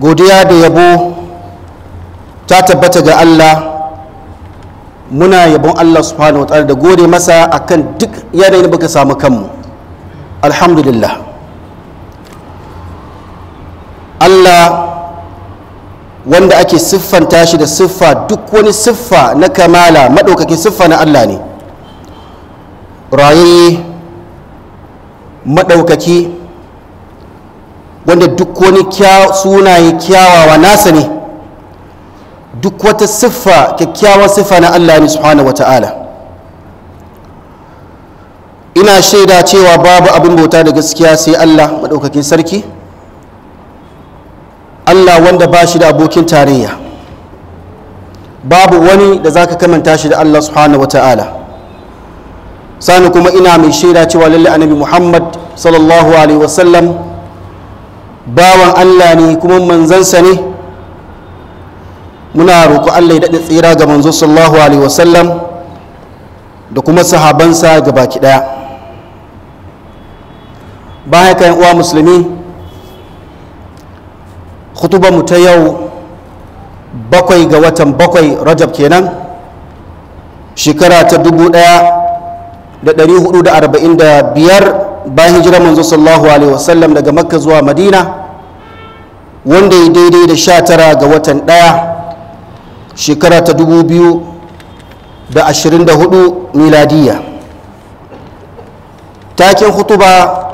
godiya da yabo ta tabbata ga Allah muna yabon Allah subhanahu da gode masa a kan duk yanayin da muka samu kanmu alhamdulillah Allah wanda ake siffanta shi da siffa duk wani siffa na kamala maɗaukakin siffa na Allah ne rayayye maɗaukaki wanda duk wani sunaye kyawawa nasa ne duk wata siffa kyakkyawan siffa na Allah ne subhanahu wa ta'ala ina shaida cewa babu abin bauta da gaskiya sai Allah maɗaukakin sarki Allah wanda ba shi da abokin tarayya babu wani da za ka kamanta shi da Allah subhanahu wa ta'ala sani kuma ina mai shaida cewa lalle annabi Muhammad sallallahu alaihi wasallam bawan Allah ne kuma manzansa ne muna roƙo Allah ya daɗe tsira ga manzo sallallahu alaihi wasallam da kuma sahabansa ga baki ɗaya bayan kayan uwa musulmi mu ta yau bakwai ga watan bakwai rajab kenan shekara ta dubu ɗaya da ɗari hudu da arba'in da biyar bayan hijirar manzo sallallahu alaihi wasallam daga makka zuwa madina wanda ya daidai da sha tara ga watan daya shekara ta dubu biyu da ashirin da hudu miladiya takin hutuba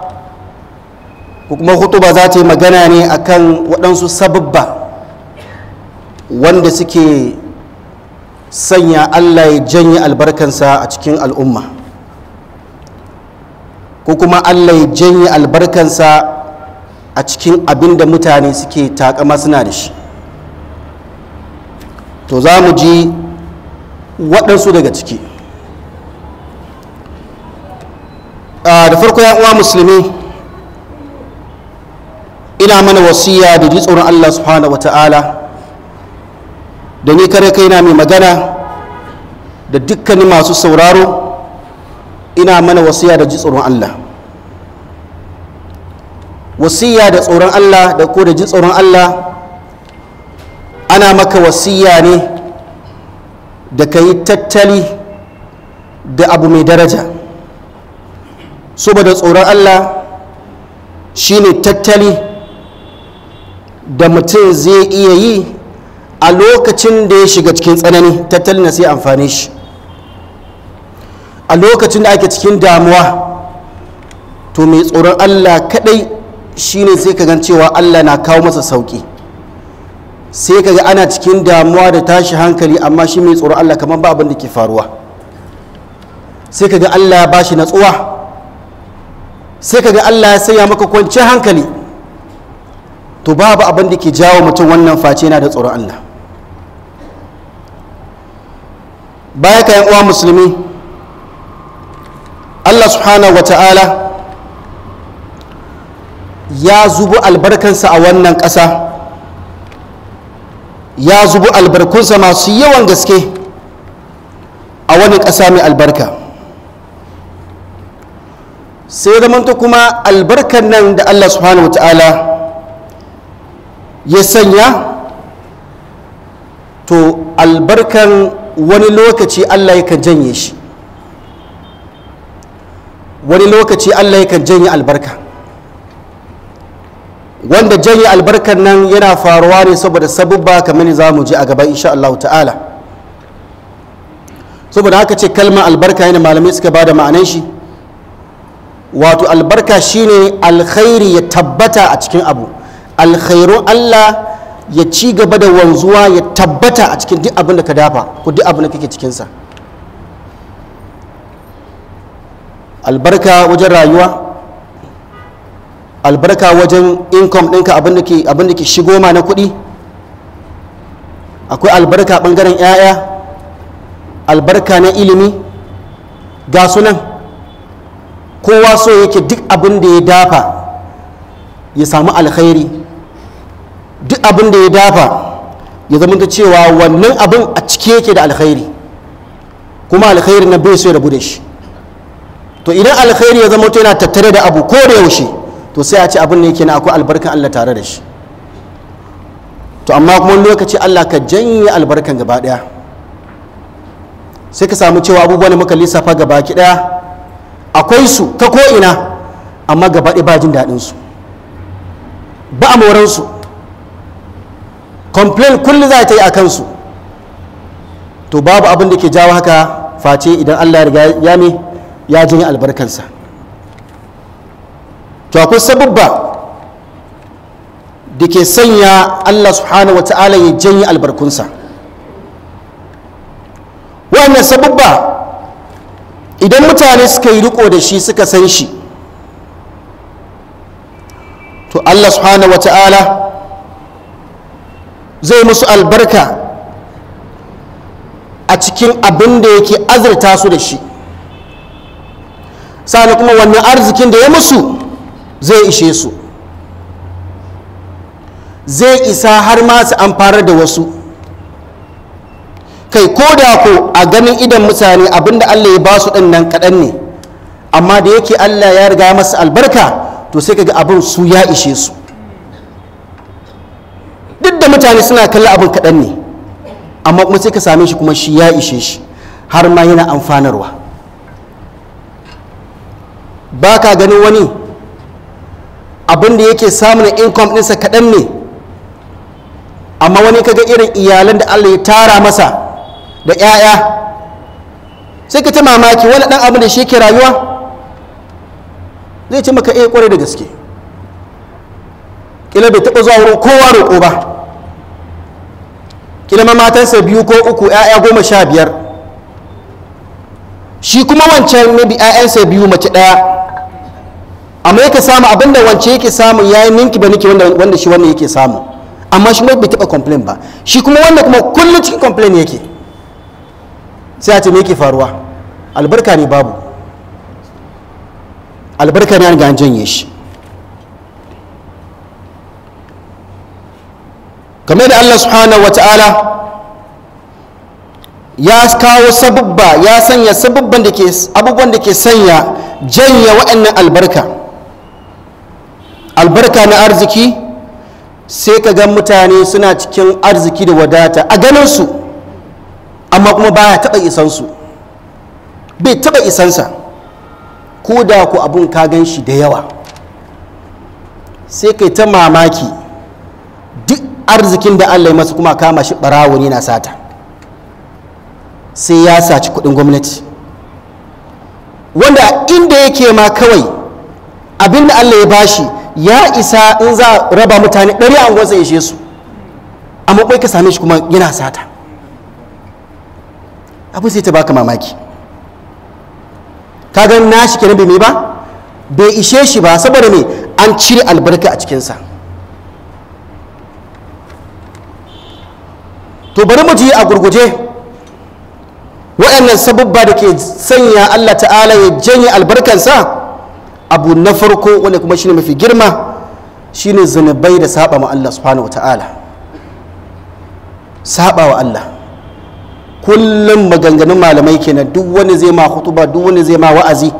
kuma hutuba za ta yi magana ne akan waɗansu sababba wanda suke sanya allah ya janye albarkansa a cikin al'umma ko kuma allah ya janye albarkansa a cikin abin da mutane suke takama suna da shi to za mu ji waɗansu daga ciki da farko uwa musulmi ina mana wasiya da ji tsoron allah subhanahu wa ta'ala da ni kare kaina mai magana da dukkanin masu sauraro ina mana wasiya da ji tsoron allah wasiya da tsoron Allah da ko da ji tsoron Allah ana maka wasiya ne da ka yi tattali da abu mai daraja saboda tsoron Allah shi ne tattali da mutum zai iya yi a lokacin da ya shiga cikin tsanani tattali na sai amfani shi a lokacin da ake cikin damuwa to mai tsoron Allah kadai shine sai ka gan cewa Allah na kawo masa sauki sai ka ga ana cikin damuwa da tashi hankali amma shi mai tsoron Allah kamar ba abin da ke faruwa sai ka ga Allah ya bashi natsuwa sai ka ga Allah ya sanya maka kwanciyar hankali to babu abin da ke jawo mutum wannan face yana da tsoron Allah baya ka uwa musulmi Allah subhanahu wa ta'ala ya zubo albarkansa a wannan ƙasa ya zubo albarkunsa masu yawan gaske a wani ƙasa mai albarka sai zamanta kuma albarkan nan da allah subhanahu wa ta'ala ya sanya to albarkan wani lokaci allah ya kan janye shi wani lokaci allah ya kan janye albarka wanda janye albarkar nan yana faruwa ne saboda sabubba kamar za mu je a gaba insha Allah ta'ala saboda haka ce kalmar albarka yana malamai suka da ma'anan shi wato albarka shine alkhairi ya tabbata a cikin abu alkhairun Allah ya ci gaba da wanzuwa ya tabbata a cikin duk abin da ka dafa ko duk abin da kake cikinsa albarka wajen rayuwa albarka wajen income ɗinka abin da ke shigo ma na kuɗi akwai albarka ɓangaren 'ya'ya albarka na ilimi ga sunan kowa so yake duk abin da ya dafa ya samu alkhairi duk abin da ya dafa ya zama ta cewa wannan abin a cike yake da alkhairi kuma alkhairi na bai so ya rabu da shi to idan alkhairi ya zama yana tattare da abu ko da yaushe to sai a ce abin ne kenan akwai albarkan Allah tare da shi to amma kuma lokaci Allah ka janye albarkan gaba daya sai ka samu cewa abubuwan da muka lissafa gaba ki daya akwai su ka ko'ina ina amma gaba daya ba jin daɗin su ba a moran su complain kullu za ta yi a kansu to babu abin da ke jawo haka face idan Allah ya riga ya me ya janye albarkansa to akwai sababba da ke sanya Allah subhanahu ta'ala ya janyi albarkunsa wannan sababba idan mutane suka yi riko da shi suka san shi to Allah subhanahu ta'ala zai musu albarka a cikin abin da yake azurta su da shi sani kuma wannan arzikin da ya musu zai ishe su zai isa har ma su amfanar da wasu kai ko da ko a ganin idan mutane abinda Allah ya ba su ɗin nan kaɗan ne amma da yake Allah ya riga masa albarka to sai kaga abin su ya ishe su duk da mutane suna kalla abin kaɗan ne amma kuma sai ka same shi kuma shi ya ishe shi har ma yana amfanarwa ba ka ganin wani abin da yake samun income ɗinsa kaɗan ne amma wani kaga irin iyalan da allah ya tara masa da 'ya'ya sai ka ta mamaki wani ɗan abin da shi ke rayuwa zai ci maka iya eh, kwarai da gaske kila bai taɓa zuwa kowa roƙo ba kila ma matansa biyu ko uku 'ya'ya goma sha biyar shi kuma wancan mabi 'ya'yansa biyu mace ɗaya amma yake samu abinda wance yake samu ya yi ninki ba niki wanda shi wannan yake samu amma shi bai taba complain ba shi kuma wanda kuma kullum cikin complain yake sai a ce me yake faruwa albarka ne babu albarka ne an ga an janye shi kamar da Allah subhanahu wa ta'ala ya kawo sabubba ya sanya sabubban da ke abubuwan da ke sanya janya waɗannan albarka albarka na arziki sai ka gan mutane suna cikin arziki da wadata a ganinsu amma kuma baya taɓa isansu bai taɓa isansa ko da ku abun ka gan shi da yawa sai kai ta mamaki duk arzikin da allah ya masa kuma kama shi ɓarawo ne na sata sai ya saci kuɗin gwamnati wanda inda yake ma kawai abin da allah ya bashi ya isa in za a raba mutane ɗari a unguwarsa ishe su amma kwai ka same shi kuma yana sata abu sai ta baka mamaki ka na shi kenan bai mai ba bai ishe shi ba saboda me an cire albarka a cikinsa to bari mu ji a gurguje waɗannan sabubba da ke sanya Allah ta'ala ya janye albarkansa abu na farko wanda kuma shine mafi girma shine zunubai da saba ma Allah subhanahu wa ta'ala saba wa Allah kullum maganganun malamai kenan duk wani zai ma hutuba duk wani zai ma wa'azi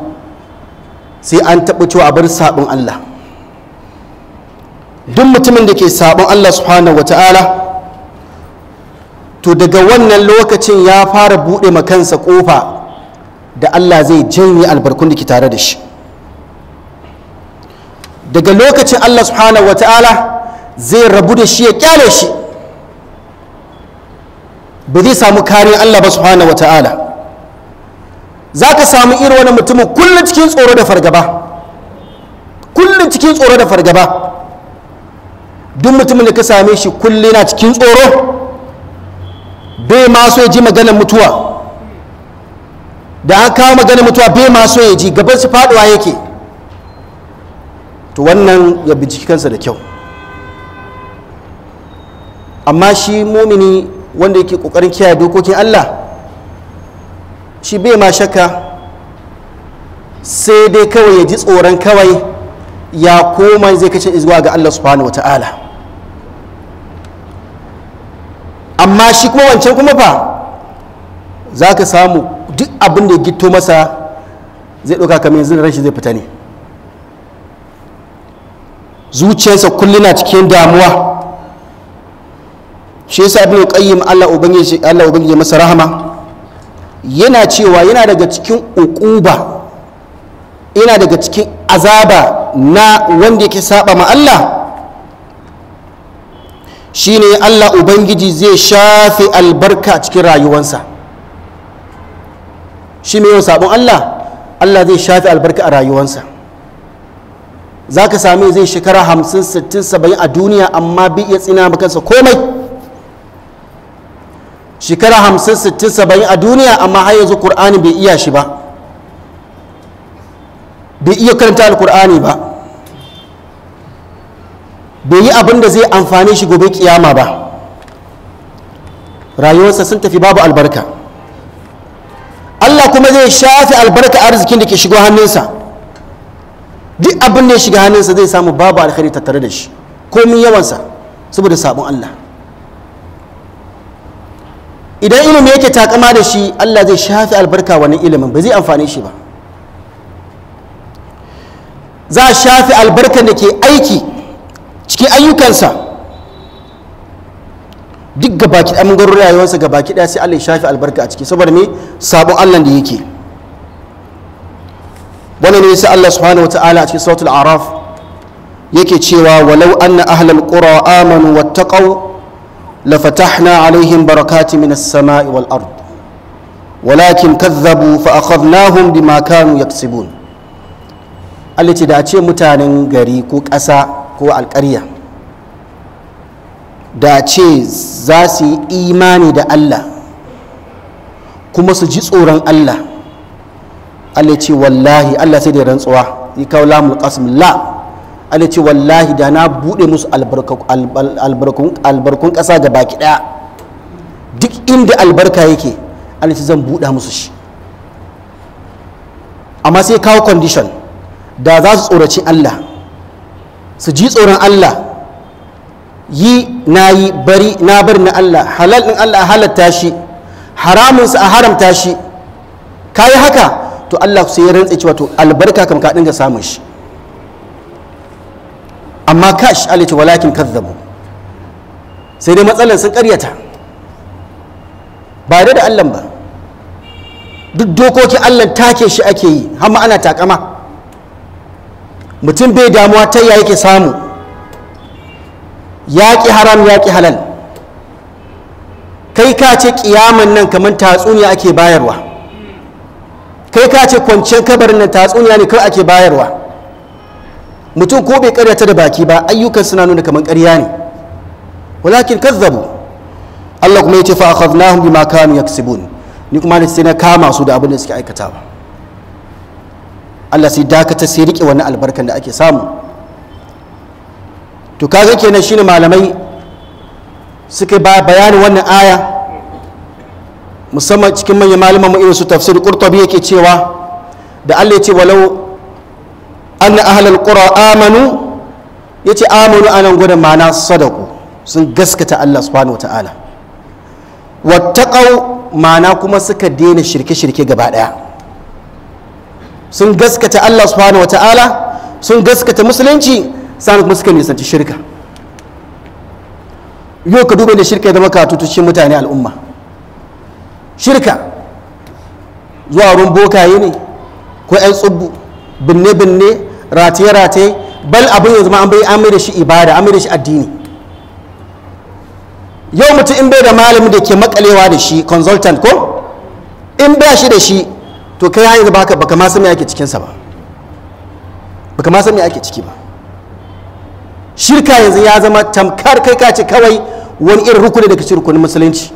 sai an taɓa cewa a bar sabon Allah duk mutumin da ke sabon Allah subhanahu wa ta'ala to daga wannan lokacin ya fara buɗe makansa ƙofa da Allah zai janye albarkun da ke tare da shi daga lokacin Allah subhanahu wa ta'ala zai rabu da shi ya kyale shi ba zai samu kariyar Allah ba subhanahu ta'ala za ka samu irin wani mutumin kullum cikin tsoro da fargaba kullum cikin tsoro da fargaba duk mutumin da ka same shi kullum na cikin tsoro bai ma so ya ji maganar mutuwa da an kawo maganar mutuwa bai ma so ya ji gaban su faduwa yake to wannan ya binciki kansa da kyau amma shi mumini wanda yake kokarin kiyaye dokokin Allah shi bai ma shakka sai dai kawai ya ji tsoron kawai ya koma zai kace zuwa ga Allah subhanahu wata'ala amma shi kuma wancan kuma fa za ka samu duk abin da ya gito masa zai ɗauka kamar yanzu rashin zai fita ne zuciyarsa kullum na cikin damuwa shi yasa ibn qayyim Allah ubangiji Allah ubangiji masa rahama yana cewa yana daga cikin uquba yana daga cikin azaba na wanda yake saba ma Allah shine Allah ubangiji zai shafi albarka cikin rayuwansa shi mai yawan sabon Allah Allah zai shafi albarka a rayuwansa za ka same zai shekara hamsin sittin saba'in a duniya amma bi iya tsina kansa komai shekara hamsin sittin saba'in a duniya amma har yanzu ƙur'ani bai iya shi ba bai iya karanta alƙur'ani ba bai yi abin da zai amfani shi gobe kiyama ba rayuwarsa sun tafi babu albarka Allah kuma zai shafi albarka arzikin da ke shigo hannunsa duk abin da ya shiga hannunsa zai samu babu alkhairi tattare da shi komin yawansa saboda sabon Allah idan ilimi yake takama da shi Allah zai shafi albarka wannan ilimin ba zai amfane shi ba za a shafi albarkar da ke aiki cikin ayyukansa duk gabaki ɗaya mun rayuwarsa gabaki ɗaya sai Allah ya shafi albarka a ciki saboda me sabon Allah da yake wannan ne sai Allah subhanahu ta'ala a cikin suratul araf yake cewa walau anna ahlal qura amanu la fatahna alaihim barakati minas sama'i wal ard walakin kadhabu fa akhadnahum bima kanu yaksibun Allah ce da a ce mutanen gari ko ƙasa ko alƙarya da ce za su yi imani da Allah kuma su ji tsoron Allah Allah ce wallahi Allah sai da rantsuwa yi kawo lamul qasim la Allah ce wallahi da na bude musu albarkun ƙasa ga baki ɗaya duk inda albarka yake Allah ce zan buɗe musu shi amma sai kawo condition da za su tsoraci Allah su ji tsoron Allah yi na yi bari na bari na Allah halal din Allah a halatta shi su a haramta shi ka yi haka to Allah sai ya rantsa cewa to albarka kam ka dinga samun shi amma kash Allah walakin kazzabu sai dai matsalar sun karyata ba da Allah ba duk dokokin Allah take shi ake yi har ma ana takama mutum bai damuwa ta yaya yake samu yaƙi haram yaƙi halal kai ka ce ƙiyaman nan kamar tatsuniya ake bayarwa kai ka ce kwanciyar kabarin nan tatsuniya ne kawai ake bayarwa mutum ko bai karyata da baki ba ayyukan suna nuna kamar karya ne walakin kazzabu Allah kuma ce fa akhadnahum bima kanu yaksubun ni kuma ne sai na kama su da abin da suke aikatawa Allah sai dakata sai rike wannan albarkan da ake samu to kaga kenan shine malamai suka ba bayanin wannan aya musamman cikin manyan malaman mu irin su tafsir qurtubi yake cewa da Allah ya ce walau anna ahlul qura amanu yace amanu anan gudan mana sadaku sun gaskata Allah subhanahu wataala wattaqau mana kuma suka daina shirke-shirke gaba daya sun gaskata Allah subhanahu wataala sun gaskata musulunci sannan kuma suka nisanci shirka yau ka duba da shirka da maka katutushin mutane al'umma shirka zuwa wurin bokaye ne ko 'yan tsubu, binne-binne rataye-rataye bal abin yanzu ma an bai amir da shi ibada amir da shi addini yau mutum in bai da malami da ke makalewa da shi consultant ko in ba shi da shi to kai yanzu ba baka ma san me ake cikinsa ba baka ma san me ake ciki ba shirka yanzu ya zama tamkar kai ka ce kawai wani irin rukuni daga cikin rukunin musulunci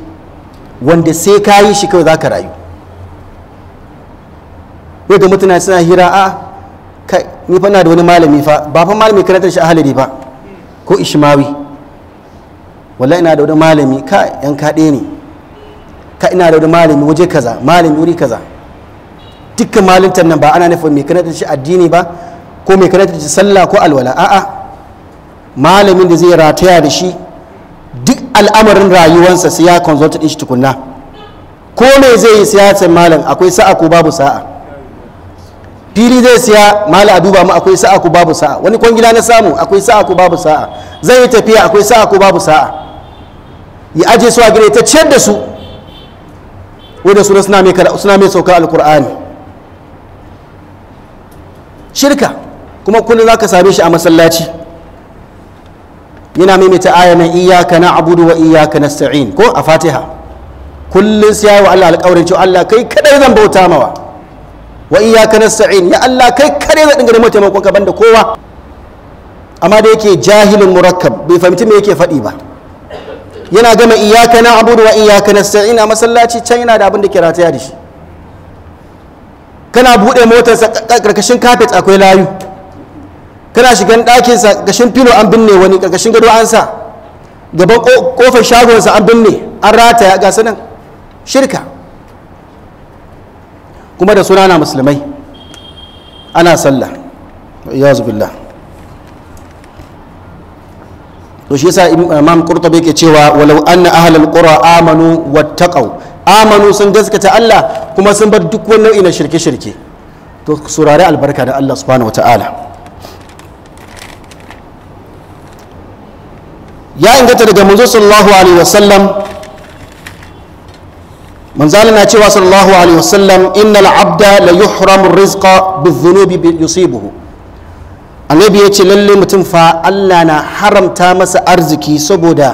wanda sai ka yi shi kawai za ka rayu yau da mutane suna hira a ah, kai ni fa na da wani malami fa ba fa malami karatar shi a halari ba ko ishmawi wallahi ina da wani malami ka yan kaɗe ne ka ina da wani malami waje kaza malami wuri kaza dukkan malintar nan ba ana nufin mai karatar shi addini ba ko mai karatar shi sallah ko alwala a'a malamin da zai rataya da shi duk al'amarin rayuwansa sai ya consult din shi tukunna ko me zai yi siyasar malam akwai sa'a ko babu sa'a fili zai siya malam a duba mu akwai sa'a ko babu sa'a wani kwangila na samu akwai sa'a ko babu sa'a zai yi tafiya akwai sa'a ko babu sa'a ya aje su a gare ta ciyar da su wanda su suna mai suna mai saukar alkur'ani shirka kuma kullum za ka same shi a masallaci yana maimaita aya iyaka na abudu wa iyyaka sa'in ko a Fatiha kullun sai yawo Allah alƙawarin cewa Allah kai kadai zan bauta mawa wa iyyaka sa'in ya Allah kai kadai zan dinga neman taimakon ka banda kowa amma da yake jahilin murakkab bai fahimci me yake faɗi ba yana gama iyaka na abudu wa iyyaka sa'in a masallaci can yana da abin da ke rataya da shi kana buɗe motarsa karkashin kafet akwai layu kana shigan ɗakinsa gashin filo an binne wani ƙarƙashin gado an sa gaban ƙofar shagonsa an binne an rataya gasa nan shirka kuma da suna na musulmai ana sallah ya zubilla to shi yasa imam qurtubi ke cewa walau anna ahlul qura amanu wattaqau amanu sun gaskata Allah kuma sun bar duk wani nau'i na shirke-shirke to saurari albarka da Allah subhanahu wataala ya ingata daga manzo sallallahu alaihi wasallam manzalin na cewa sallallahu alaihi wasallam innal abda la yuhramu rizqa bizunubi yusibuhu annabi ya ce lalle mutum fa Allah na haramta masa arziki saboda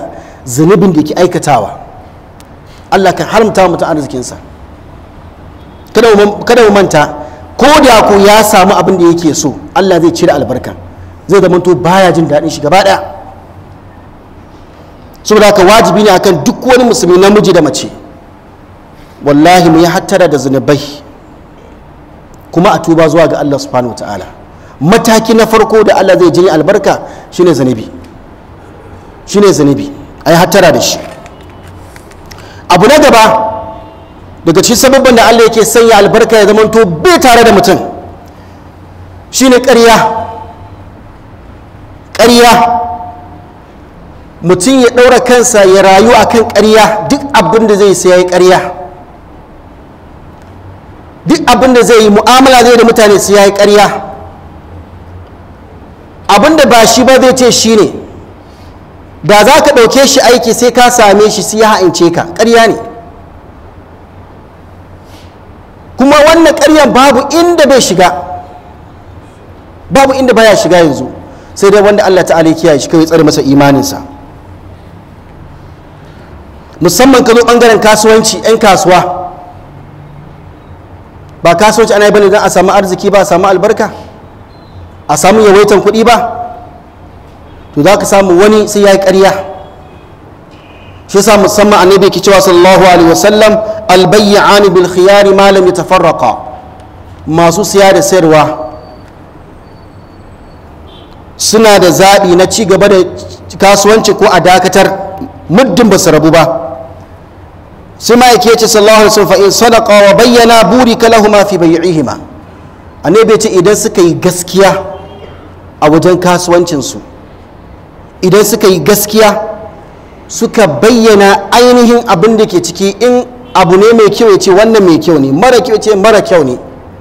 zunubin da ke aikatawa Allah kan haramta mutum arzikinsa kada mu manta ko da ku ya samu abin da yake so Allah zai cire albarka zai zamanto baya jin daɗin shi gaba ɗaya saboda haka wajibi ne akan duk wani musulmi namiji da mace wallahi mu yi hattara da zunubai kuma a tuba zuwa ga Allah subhanahu wataala mataki na farko da Allah zai jini albarka shine zunubi shine zunubi a yi hattara da shi abu na gaba daga cikin sababban da Allah yake sanya albarka ya to bai tare da mutum shine ƙarya ƙarya mutum ya ɗaura kansa ya rayu a kan ƙarya duk abin da zai sayi ƙarya duk abin da zai yi mu'amala zai da mutane su ya yi ƙarya abin da ba shi ba zai ce shi ne da za ka ɗauke shi aiki sai ka same shi sai ya ha'ince ka ƙarya ne kuma wannan ƙaryan babu inda bai shiga babu inda baya shiga yanzu sai dai wanda Allah ta'ala ya kiyaye shi kai tsare masa imaninsa musamman ka zo bangaren kasuwanci 'yan kasuwa ba kasuwanci ana yi bane don a samu arziki ba a samu albarka a samu yawaitan kuɗi ba to za ka samu wani sai ya yi ƙarya shi sa musamman annabi ke cewa sallallahu alaihi wasallam ani bil khiyari malam ya tafarraka masu siya da sayarwa suna da zaɓi na ci gaba da kasuwanci ko a dakatar muddin ba su rabu ba sai ma'aiki ya ce sallallahu alaihi wasallam fa in sadaqa wa bayyana burika lahuma fi bay'ihima annabi ya ce idan suka yi gaskiya a wajen kasuwancin su idan suka yi gaskiya suka bayyana ainihin abin da ke ciki in abu ne mai kyau ya ce wannan mai kyau ne mara kyau ce mara kyau ne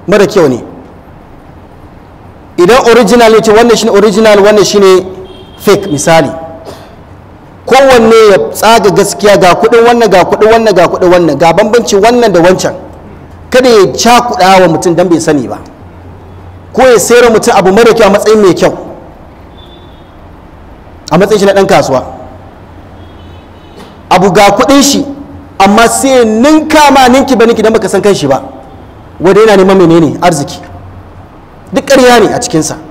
mara kyau ne idan original ya ce wannan shine original wannan shine fake misali kowanne ya tsaga gaskiya ga kuɗin wannan ga kuɗin wannan ga kuɗin wannan ga bambanci wannan da wancan kada ya cakuɗa wa mutum don bai sani ba ko ya sayar mutum abu mara kyau a matsayin mai kyau a matsayin shi na ɗan kasuwa abu ga kuɗin shi amma sai ninka ma ninki ba ninki don baka san kan shi ba wanda yana neman menene arziki duk ƙarya ne a cikinsa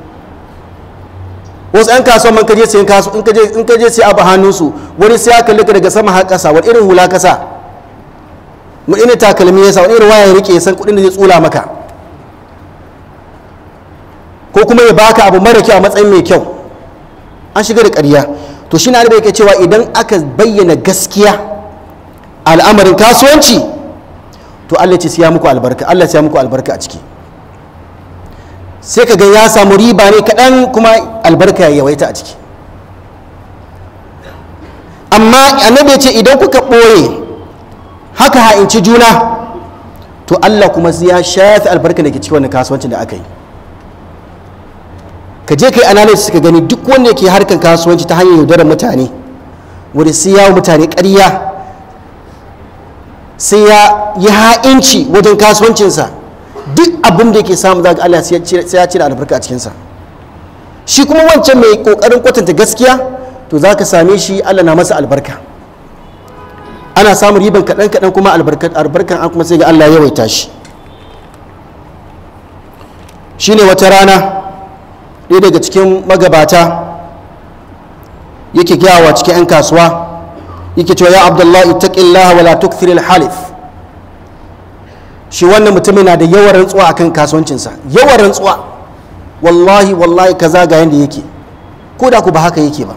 wasu yan kasuwa man kaje sai in kaje in kaje sai abu hannunsu wani sai aka lika daga sama har kasa wani irin hula kasa mu ina takalmi yasa wani irin waya ya rike san kudin da zai tsula maka ko kuma ya baka abu mara kyau a matsayin mai kyau an shiga da ƙarya to shi na da yake cewa idan aka bayyana gaskiya al'amarin kasuwanci to Allah ce siya muku albarka Allah ya muku albarka a ciki sai ka ga ya samu riba ne kaɗan kuma albarka ya yawaita a ciki amma annabi ya ce idan kuka ɓoye haka ha'inci juna to Allah kuma sai ya shafi albarka da ke cikin wannan kasuwancin da aka yi ka je ka yi analysis ka gani duk wanda yake harkar kasuwanci ta hanyar yaudarar mutane wanda sai ya mutane ƙarya sai ya yi ha'inci wajen kasuwancinsa duk abin da yake samu zaga Allah sai ya cire albarka a cikinsa shi kuma wancan mai kokarin kwatanta gaskiya to za ka same shi Allah na masa albarka ana samun riban kaɗan kaɗan kuma albarkan an kuma sai ga Allah yawaita shi ne wata rana ɗaya daga cikin magabata yake wa cikin 'yan kasuwa yake cewa ya abdullahi ittaqillaha wala tukthiril halif shi wannan mutumin na da yawan rantsuwa akan kasuwancinsa yawan rantsuwa wallahi wallahi kaza ga yanda yake ko da ku ba haka yake ba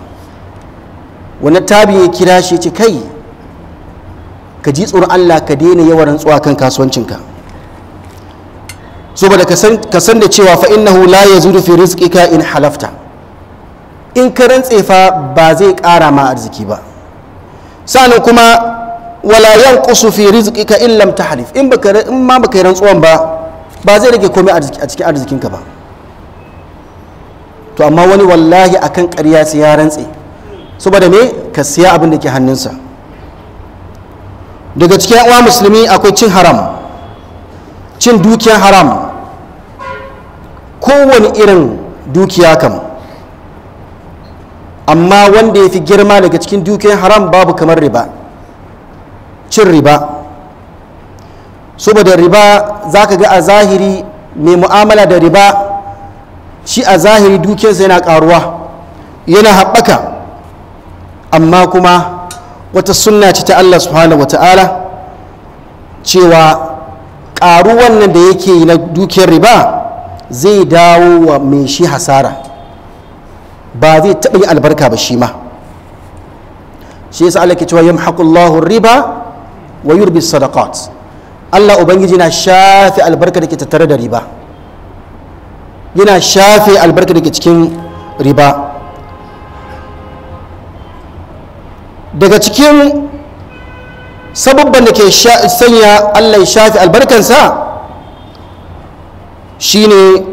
wani tabi ya kira shi ce kai ka ji tsoron Allah ka daina yawan rantsuwa kan kasuwancinka saboda ka san da cewa fa innahu la yazuru fi rizqika in halafta in ka rantse ba zai kara ma arziki ba sannan kuma wala kusu fi ka in lam tahlif in baka in ma baka rantsuwan ba ba zai rage komai a cikin arzikinka ba to amma wani wallahi akan ƙarya sai ya rantse saboda me ka siya abin da ke hannunsa daga cikin uwa musulmi akwai cin haram cin dukiyar haram kowane irin dukiya kam amma wanda ya fi girma daga cikin dukiyar haram babu kamar riba cin riba saboda riba za ka ga a zahiri mai mu'amala da riba shi a zahiri dukiyarsa yana karuwa yana haɓaka amma kuma wata sunna ce ta Allah subhanahu wata'ala cewa ƙaruwan nan da yake na dukiyar riba zai dawo wa mai shi hasara ba zai taɓa yin albarka ba shi ma shi yasa Allah ke cewa yamhaqullahu riba wa yurbi sadaqat Allah ubangiji na shafe albarka da ke tattare da riba yana shafe albarka da ke cikin riba daga cikin sababban da ke sanya Allah ya shafe albarkansa shine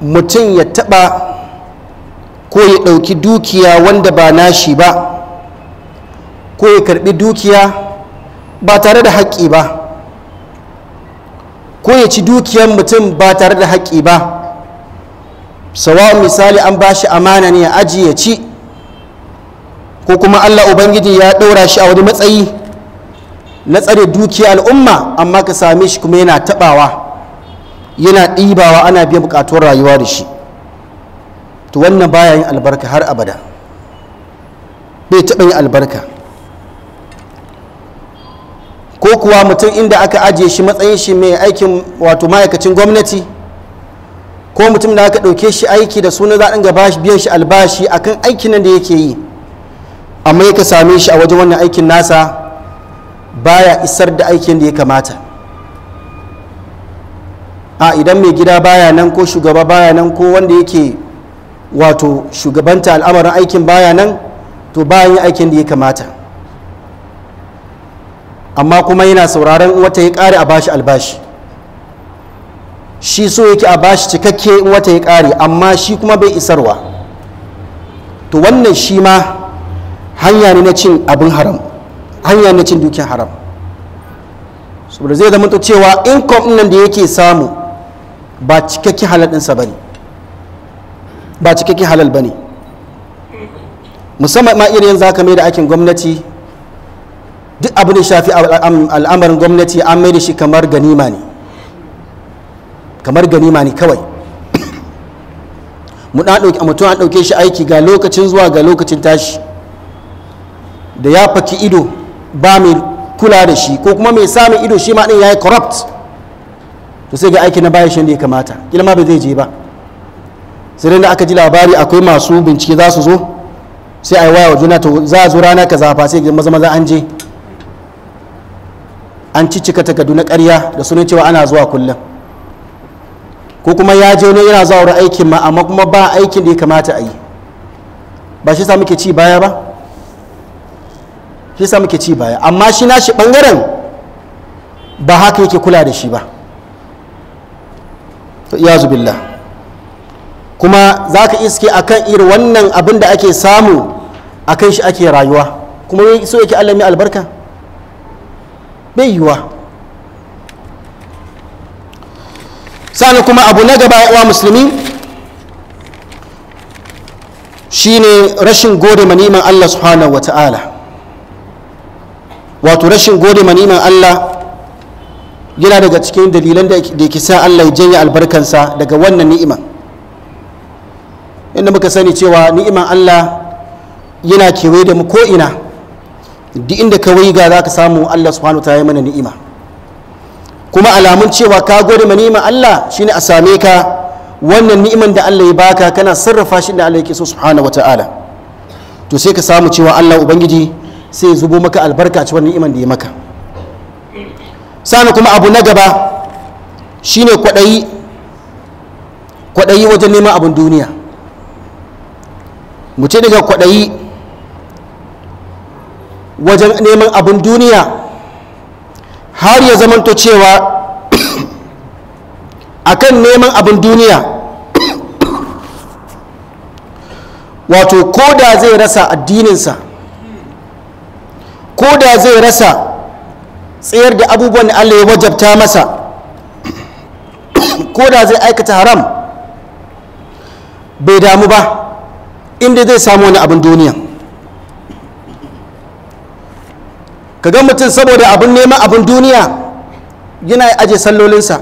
mutum ya taɓa ko ya ɗauki dukiya wanda ba nashi ba ko ya karɓi dukiya ba tare da haƙƙi ba ko ya ci dukiyar mutum ba tare da haƙƙi ba sawa misali an ba shi amana ne ya aji ya ci ko kuma allah ubangiji ya ɗora shi a wani matsayi na tsare dukiyar al'umma amma ka same shi kuma yana taɓawa yana ɗibawa ana biya buƙatuwar rayuwa da shi to wannan baya yin albarka har abada bai taɓa yin albarka ko kuwa mutum inda aka ajiye shi matsayin shi mai aikin wato ma'aikacin gwamnati ko mutum da aka ɗauke shi aiki da suna zaɗin gaba biyan shi albashi a kan aikin nan da yake yi amma yaka same shi a wajen wannan aikin nasa baya isar da aikin da ya kamata a idan mai gida baya nan ko shugaba baya nan ko wanda yake wato shugabanta al'amarin aikin baya nan to bayan yin aikin da ya kamata amma kuma yana sauraron wata ya ƙare a bashi albashi shi so yake a bashi cikakke wata ya ƙare amma shi kuma bai isarwa to wannan shi ma hanya ne na cin abin haram hanya ne na cin dukiyar haram saboda zai zama to cewa income nan da yake samu ba cikakke halal ɗinsa ba ne ba cikakke halal ba ne musamman ma irin yanzu haka mai da aikin gwamnati duk abin da shafi al'amarin gwamnati an mai da shi kamar ganima ne kamar ganima ne kawai mutum an ɗauke shi aiki ga lokacin zuwa ga lokacin tashi da ya faki ido ba mai kula da shi ko kuma mai samun ido shi ma ɗin ya yi corrupt to sai ga aiki na bayan shi da ya kamata kila ma bai zai je ba sai da aka ji labari akwai masu bincike za su zo sai a yi waya wa juna to za a zo rana ka zafa sai ga maza maza an je an ci cika takardu na karya da sunan cewa ana zuwa kullum ko kuma ya je ne yana zuwa aikin ma amma kuma ba aikin da ya kamata a yi ba shi sa muke ci baya ba shi sa muke ci baya amma shi nashi bangaren ba haka yake kula da shi ba ya billah kuma za ka iske a kan irin wannan abin da ake samu a kan shi ake rayuwa kuma so yake allami mai albarka bai yiwa sani kuma abu na gaba uwa musulmi shine rashin gode maniman Allah subhanahu wa ta'ala wato rashin gode maniman Allah yana daga cikin dalilan da ke sa Allah ya janye albarkansa daga wannan ni'iman inda muka sani cewa ni'iman Allah yana kewaye da mu ko'ina duk inda ka waiga za ka samu Allah subhanahu ta yi mana ni'ima kuma alamun cewa ka gode ma ni'ima Allah shine a same ka wannan ni'iman da Allah ya baka kana sarrafa shi da Allah yake so subhanahu wata'ala to sai ka samu cewa Allah ubangiji sai ya zubo maka albarka ci wannan ni'iman da ya maka sana kuma abu na gaba shine kwaɗayi kwaɗayi wajen neman abin duniya mu ce daga kwaɗayi wajen neman abin duniya har ya zamanto cewa akan neman abin duniya wato ko da zai rasa addininsa ko da zai rasa tsayar da abubuwan da allah ya wajabta masa ko da zai aikata haram bai damu ba inda zai samu wani abin duniya ka ga mutum saboda abin neman abin duniya yana aje sallolinsa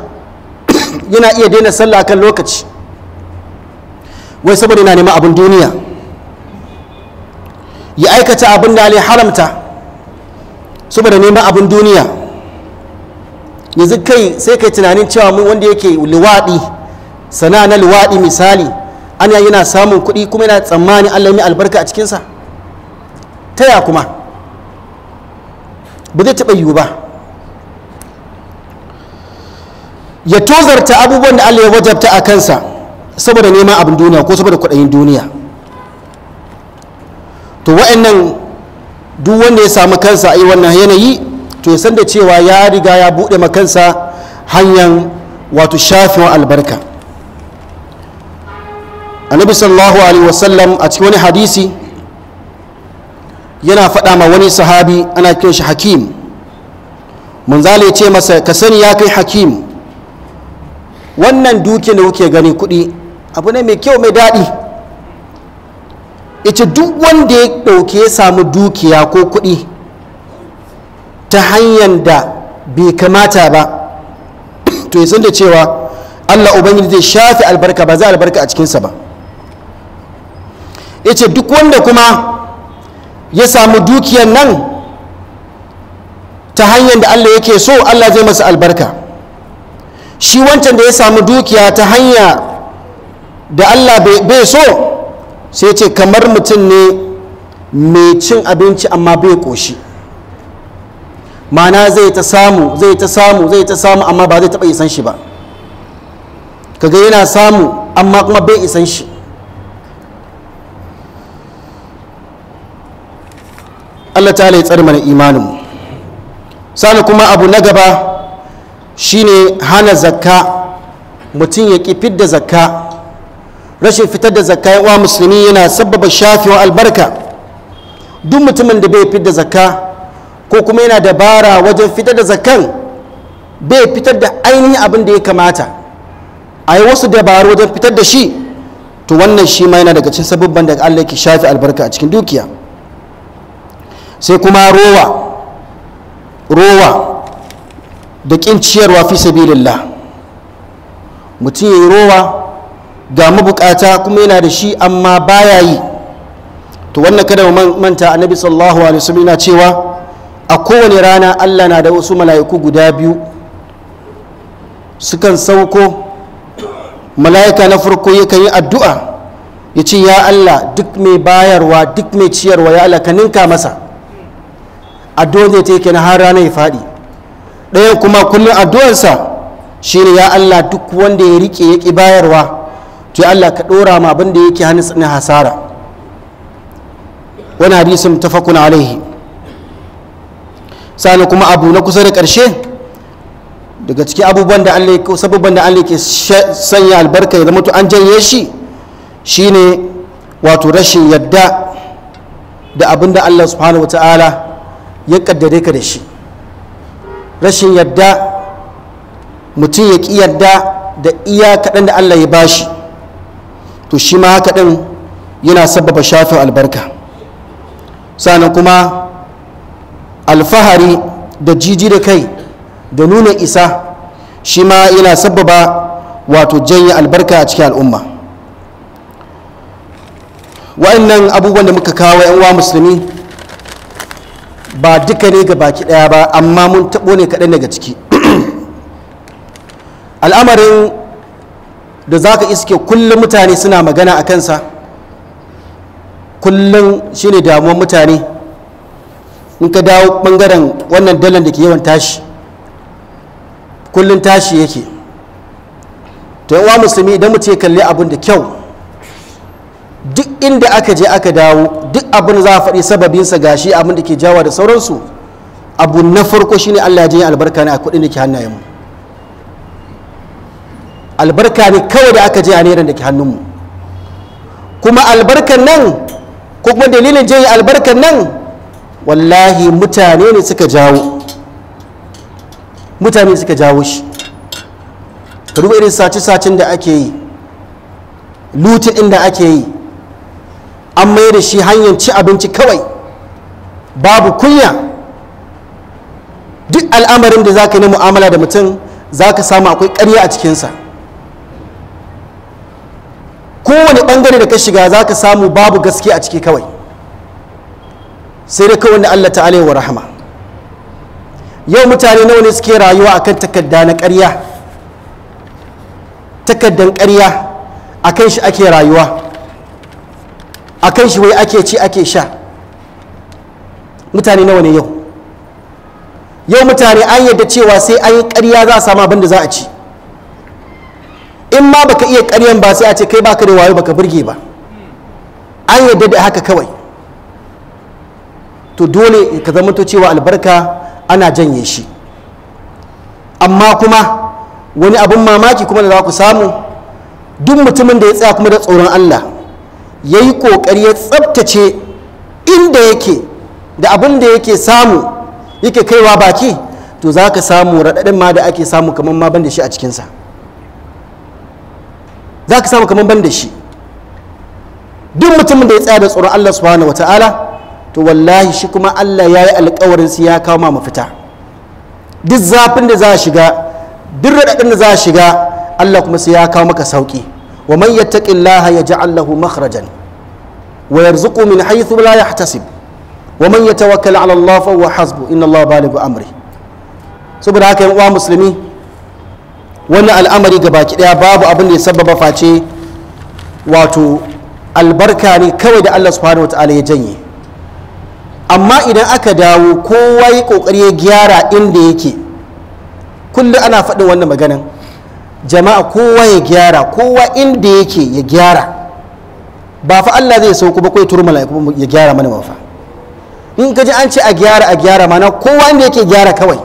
yana iya daina sallah kan lokaci wai saboda yana neman abin duniya ya aikata abin da ne haramta saboda neman abin duniya yanzu kai sai kai tunanin cewa mun wanda yake luwaɗi sana na luwaɗi misali an yana samun kuɗi kuma yana tsammani allah mai albarka a cikinsa ta ya kuma ba zai taɓa yiwu ba ya tozarta abubuwan da Allah ya wajabta a kansa saboda neman abin duniya ko saboda kwaɗayin duniya to wa'annan duk wanda ya samu kansa a yi wannan yanayi to ya san da cewa ya riga ya buɗe makansa hanyar wato shafin albarka annabi sallallahu alaihi wasallam a cikin wani hadisi yana faɗa ma wani sahabi ana kiran shi hakim munzali ya ce masa ka sani ya kai hakim wannan duki da kuke gani kuɗi abu ne mai kyau mai daɗi ita duk wanda ya ɗauke ya samu dukiya ko kuɗi ta hanyar da bai kamata ba to ya da cewa allah ubangiji zai shafi albarka ba za albarka a cikinsa ba ita duk wanda kuma ya samu dukiyar nan ta hanyar da Allah yake so Allah zai masa albarka shi wancan da ya samu dukiya ta hanya da Allah bai so sai ce kamar mutum ne mai cin abinci amma bai ƙoshi mana zai ta samu zai ta samu zai ta samu amma ba zai taɓa isan shi ba kaga yana samu amma kuma bai isan shi Allah ta ya tsare mana imaninmu sani kuma abu na gaba shine hana zakka mutum ya ki fidda zakka rashin fitar da zakka wa musulmi yana sababa shafewa albarka duk mutumin da bai fidda zakka ko kuma yana dabara wajen fitar da zakkan bai fitar da ainihin abin da ya kamata a yi wasu dabaru wajen fitar da shi to wannan shi ma yana daga cikin sabubban da Allah ke shafe albarka a cikin dukiya sai kuma rowa rowa da ƙin ciyarwa fi sabilillah mutum ya yi rowa ga mabukata kuma yana da shi amma baya yi to wannan kada mu manta annabi sallallahu alaihi wasallam yana cewa a kowane rana Allah na da wasu mala'iku guda biyu sukan sauko mala'ika na farko yakan yi addu'a ya ce ya Allah duk mai bayarwa duk mai ciyarwa ya Allah ka ninka masa addu'a zai take na har ranar ya faɗi ɗaya kuma kullum addu'arsa ne ya Allah duk wanda ya rike ya ƙi bayarwa to ya Allah ka ɗora ma abin da yake hannu na hasara wani hadisin mutafakun alaihi sani kuma abu na kusa da ƙarshe daga cikin abubuwan da Allah sababban da Allah ke sanya albarka ya zama to an janye shi shine wato rashin yadda da abin da Allah subhanahu wa ta'ala ya kaddare ka da shi rashin yadda mutum ya ƙi yadda da iya kaɗan da Allah ya bashi to shi ma haka ɗin yana sababa shafin albarka sannan kuma alfahari da jiji da kai da nuna isa shi ma yana sababa wato janye albarka a cikin al'umma wa'annan abubuwan da muka kawo 'yan uwa musulmi ba duka ne ga baki daya ba amma mun taɓo ne kaɗan daga ciki al'amarin da za ka iske kullum mutane suna magana a kansa kullum shi ne damuwar mutane in ka dawo ɓangaren wannan dalan da ke yawan tashi kullum tashi yake to wa musulmi idan mutum ya kalli abin da kyau duk inda aka je aka dawo duk abin za a faɗi sababinsa gashi abin da ke jawa da sauransu abu na farko shine Allah ya je albarka ne a kuɗin da ke hannayenmu albarka ne kawai da aka je a neran da ke hannunmu kuma albarkan nan ko kuma dalilin je albarkan nan wallahi mutane ne suka jawo mutane suka jawo shi ka duba irin sace-sacen da ake yi lutin inda ake yi an mai da shi hanyar ci abinci kawai babu kunya duk al'amarin da za ka yi mu'amala da mutum za ka samu akwai karya a cikinsa kowane bangare da ka shiga za ka samu babu gaske a ciki kawai sai da kawai na Allah ta'ala wa rahama yau mutane nawa ne suke rayuwa akan takarda na ƙarya takaddan ƙarya akan shi ake rayuwa a kan shi wai ake ci ake sha mutane nawa ne yau yau mutane an yadda cewa sai an yi karya za a samu abin da za a ci in ma baka iya karyan ba sai a ce kai baka da wayo baka burge ba an yadda da haka kawai to dole ka zamanto cewa albarka ana janye shi amma kuma wani abin mamaki kuma da za ku samu duk mutumin da ya tsaya kuma da tsoron Allah ya yi ƙoƙari ya tsabtace inda yake da abin da yake samu yake kaiwa baki to za ka samu raɗaɗin ma da ake samu kamar ma ban da shi a cikinsa za ka samu kamar ban da shi duk mutumin da ya tsaya da tsoron Allah subhanahu wataala to wallahi shi kuma Allah ya yi alkawarin su ya kawo ma mafita duk zafin da za a shiga duk raɗaɗin da za a shiga Allah kuma sai ya kawo maka sauƙi wa man yattaqillaha yaj'al lahu makhrajan wa yarzuqu min haythu la yahtasib wa man yatawakkal ala Allah fa huwa hasbu inna Allah balighu amri saboda haka yan uwa musulmi wannan al'amari ga baki daya babu abin da ya sababa face wato albarka ne kawai da Allah subhanahu wataala ya janye amma idan aka dawo kowa ya kokari ya gyara inda yake kullum ana faɗin wannan maganan jama'a kowa ya gyara kowa inda yake ya gyara ba fa Allah zai sauko ba kai turu mala'iku ya gyara mana ba fa in ka ji an ce a gyara a gyara mana kowa wanda yake gyara kawai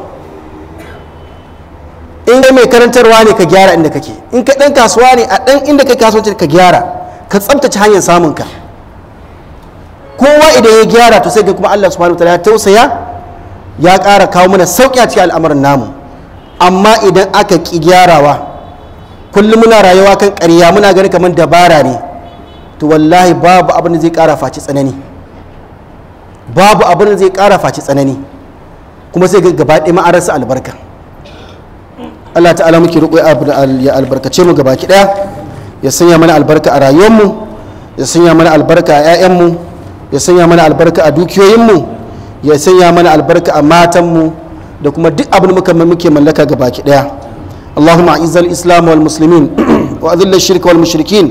in ga mai karantarwa ne ka gyara inda kake in ka dan kasuwa ne a dan inda kake kasuwanci ka gyara ka tsabtace hanyar samun ka kowa idan ya gyara to sai ga kuma Allah subhanahu wataala ya tausaya ya ƙara kawo mana sauƙi a cikin al'amarin namu amma idan aka ki gyarawa kullum muna rayuwa kan ƙarya muna gani kamar dabara ne to wallahi babu abin da zai kara faci tsanani babu abin da zai kara faci tsanani kuma sai gaba ɗaya ma rasa albarka Allah ta'ala muke roƙo ya albarkace mu gabaki ɗaya ya sanya mana albarka a rayuwarmu ya sanya mana albarka a mu ya sanya mana albarka a dukiyoyin mu ya sanya mana albarka a matanmu da kuma duk abin muka muke mallaka gabaki ɗaya اللهم أعز الإسلام والمسلمين وأذل الشرك والمشركين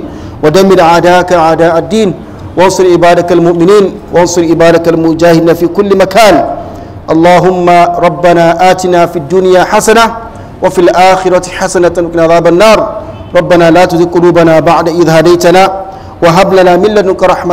ودمر أعداءك أعداء الدين وانصر عبادك المؤمنين وانصر عبادك المجاهدين في كل مكان اللهم ربنا آتنا في الدنيا حسنة وفي الآخرة حسنة وقنا عذاب النار ربنا لا تزغ قلوبنا بعد إذ هديتنا وهب لنا من لدنك رحمة